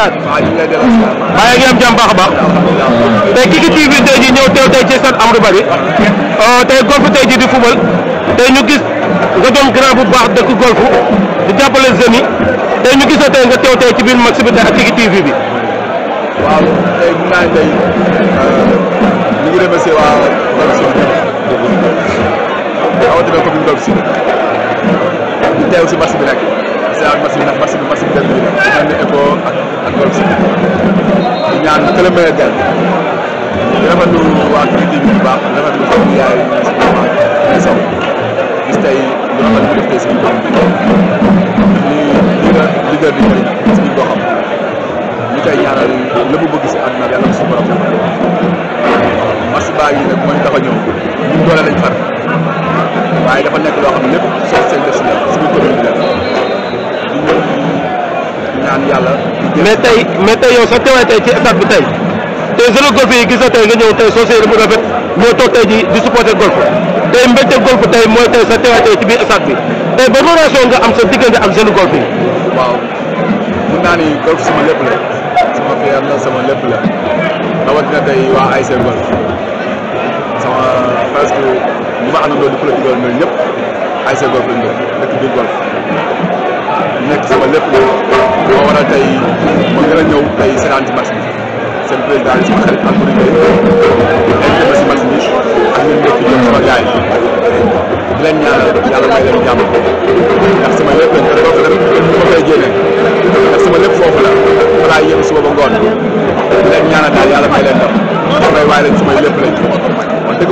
ziar. waaye ngi am jàmm baax a baax. tey Kiki TV tey jii ñëw teew tey ci stade Amadou Barry. Euh, tey golf tey jii di football. tey ñu gis nga doon grand bu baax dëkk golf di jàppale jeunes yi tey ñu gis tey nga teew tey ci biir match bi tey ak Kiki TV bi. Euh, ngi remercier waa Golf Sud rawatina commune jaar match bi ndax match bi match bi benn bi la mel ni ECHO ak ak Golf si ñaan que le meilleur gagne di rafetlu waa critique bi bu baax di rafetlu ko yaay ñi saw gis tey lu rafet bu def tey suñu doom bi lii lii la leader di jëriñ suñu goxam ñu koy ñaanal la mu bëgg si àdduna yàlla ko suñu borom match baa yi nag mooy tax a ñëw ñun doole lañ far waaye dafa nekk loo xam ne lépp soo seen def si la suñu commune bi la ñaan mais tey mais tey yow sa teewaay tey ci stade bi tey tey zone golf yi gis tey nga ñëw tey soo seetlu bu rafet ñoo toog tey jii di supporter golf tey mbégte golf tey mooy tey sa teewaay tey ci biir bi tey ba relation nga am sa diggante ak zone golf yi. waaw mun naa ni golf sama lépp la sama fier la sama lépp la rawatina tey waa ASC golf sama parce que ñi ma àndandoo di club golf ñoom ñëpp ASC golf lañ doon dëkk biir golf nekk sama lépp moo waral tey ma gën a ñëw tey seetaan ci match bi seen président yi ma si match bi ak ñun ñëpp ñoom sama gars yi di leen ñaanal yàlla may leen jàmm ma koy lépp foofu yàlla may lañ samay lépp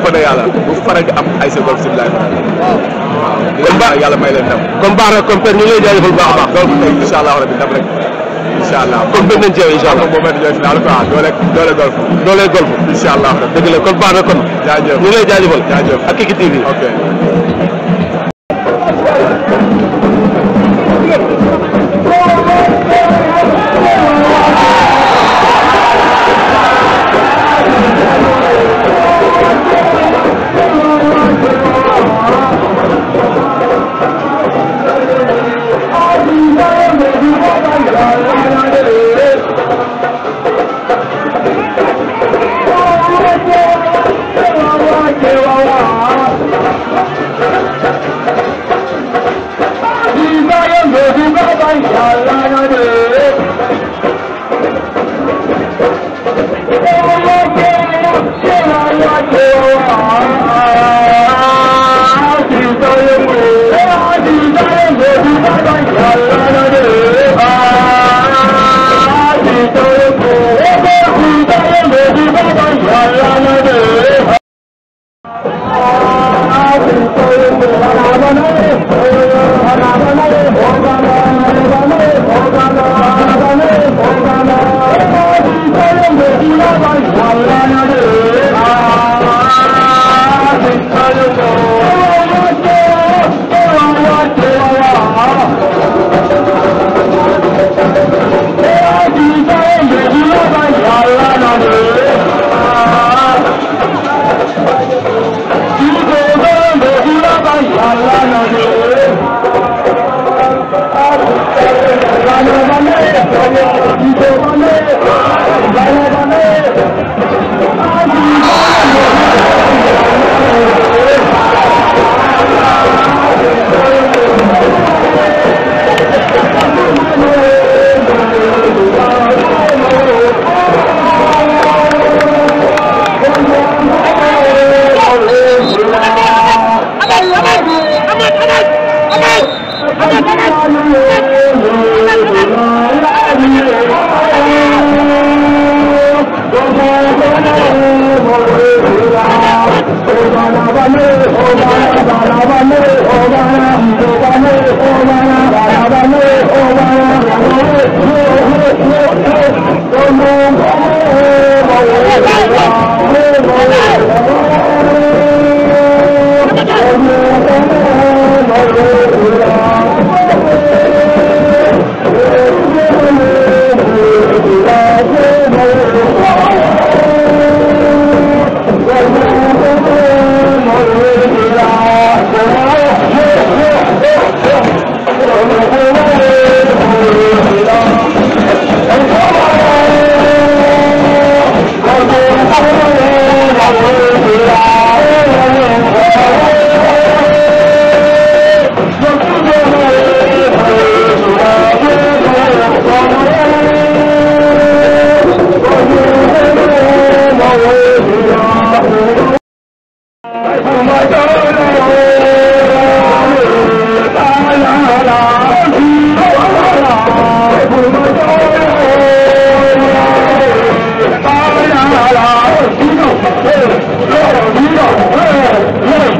fa de yàlla bu faral di am ay sa golf si laay comme baax yàlla may leen ndam comme baax na comme ñu ngi lay jaajëfal bu baax a baax donc tey incha allah rabi ndam rek incha allah comme bëgg nañ ci yow incha allah boo mën ñooy final quoi doole doole golf doole golf incha allah dëgg la kon baax na kon jaajëf ñu ngi lay jaajëfal jaajëf ak Kiki TV ok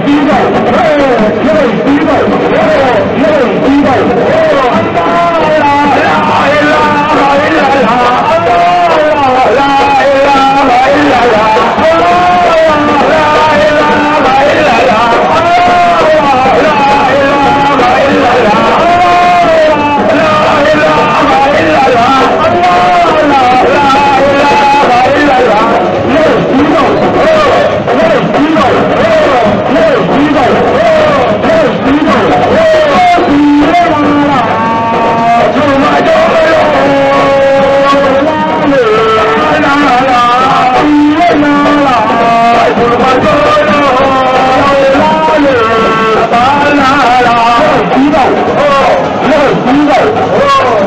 Viva! 你走，你走，你走。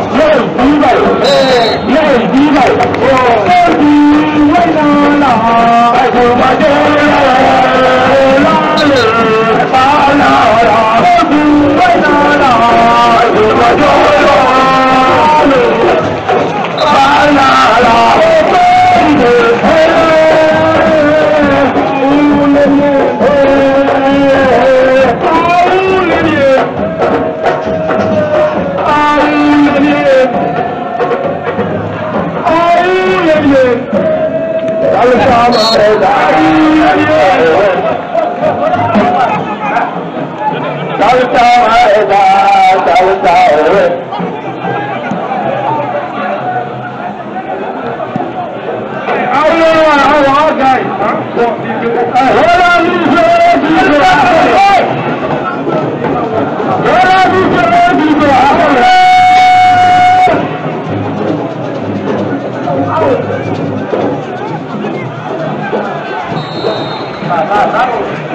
Claro, claro.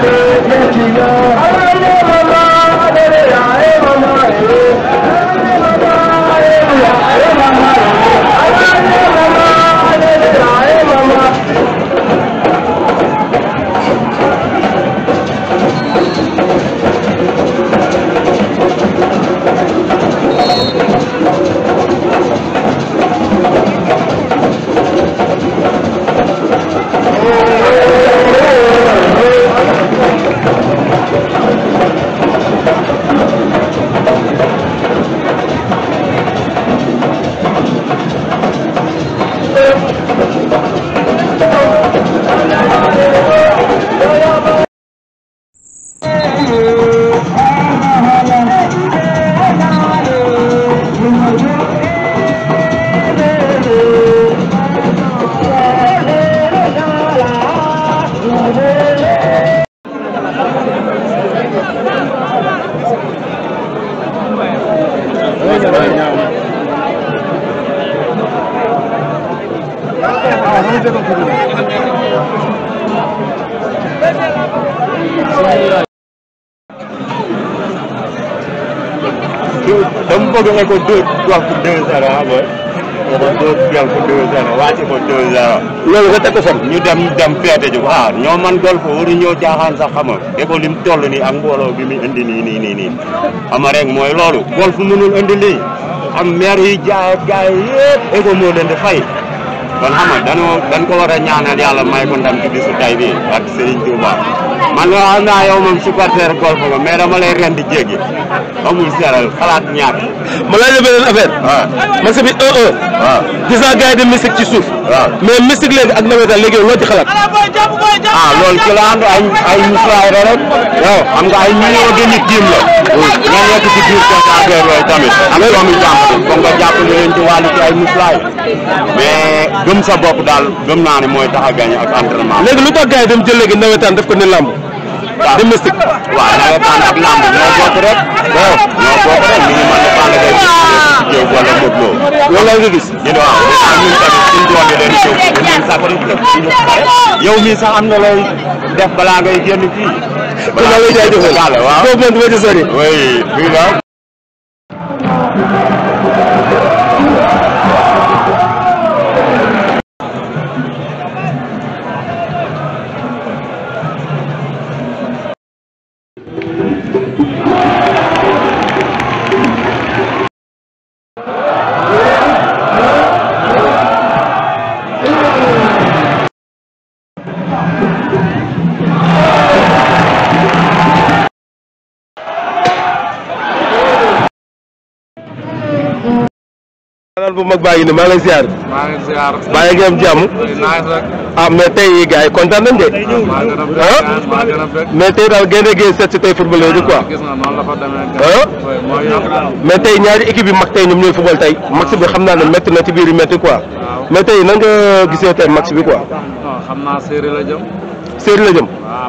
Thank you. ne ko dóor gox bu 2-0 ah booy. nga ko dóor gox bu 2-0 wàcc ko 2-0. loolu nga teg ko fan. ñu dem dem feete ji ko ah ñoo man golf waruñoo jaaxaan sax xam nga. te ko lim toll nii ak mbooloo bi muy indi nii nii nii nii xam nga rek mooy loolu. golf mënul indi lii. am maire yi jaay ak jaay yëpp. ego moo leen di fay. kon xam nga dañoo dañ ko war a ñaanal yàlla may ko ndam ci bisu tay bi ak Serigne Touba man loo xam naa yow moom supporter golf nga mais dama lay ren di jéggi amul seeral xalaat. ñaar. ma laaj la beneen affaire. Ah. bi 1-1. waaw ah. gis naa gars yi ci suuf. waaw ah. mais mystique léegi ak nawetaan léegi loo ci xalaat. ah loolu ci la ay ay rek. waaw xam nga ay millions de nit diim la. nga nekk ci biir tamit. am nga jàpp ne leen ci wàllu ay muslaay. mais gëm sa bopp daal gëm naa ne mooy tax a gagné ak entraînement. léegi lu tax gars dem jël léegi nawetaan def ko ni làmb. waaw domestique. waaw da nga bànn ak làmb ñoo bokk rek. waaw ñoo bokk rek ñu ngi mën a bànn kay. yow wala Modou Lo. loolu laa gis. ñu ne waaw ñun tamit suñu doole leen di jóg ñun sax ba ñu yow mii sax am na looy def balaa ngay génn fii. balaa ngay génn fii waaw waaw. foofu moom du ma ci sori. oui. daal bu mag bàyyi ne maa ngi lay ziar. maa ngi lay ziar. bàyyi ngeen am jàmm. ah mais tey gars yi kontaan nañ de. ah, ah? mais tey daal gën a gën seet si tey football yooyu quoi. ah, ah? mais tey ñaari équipe yi mag tey ñoom ñooy football tey max bi xam naa ne métti na ci biir yu métti quoi mais tey nan nga gisee tey max bi ko waaw xam naa séeréer la jëm. séeréer la jëm. Ah,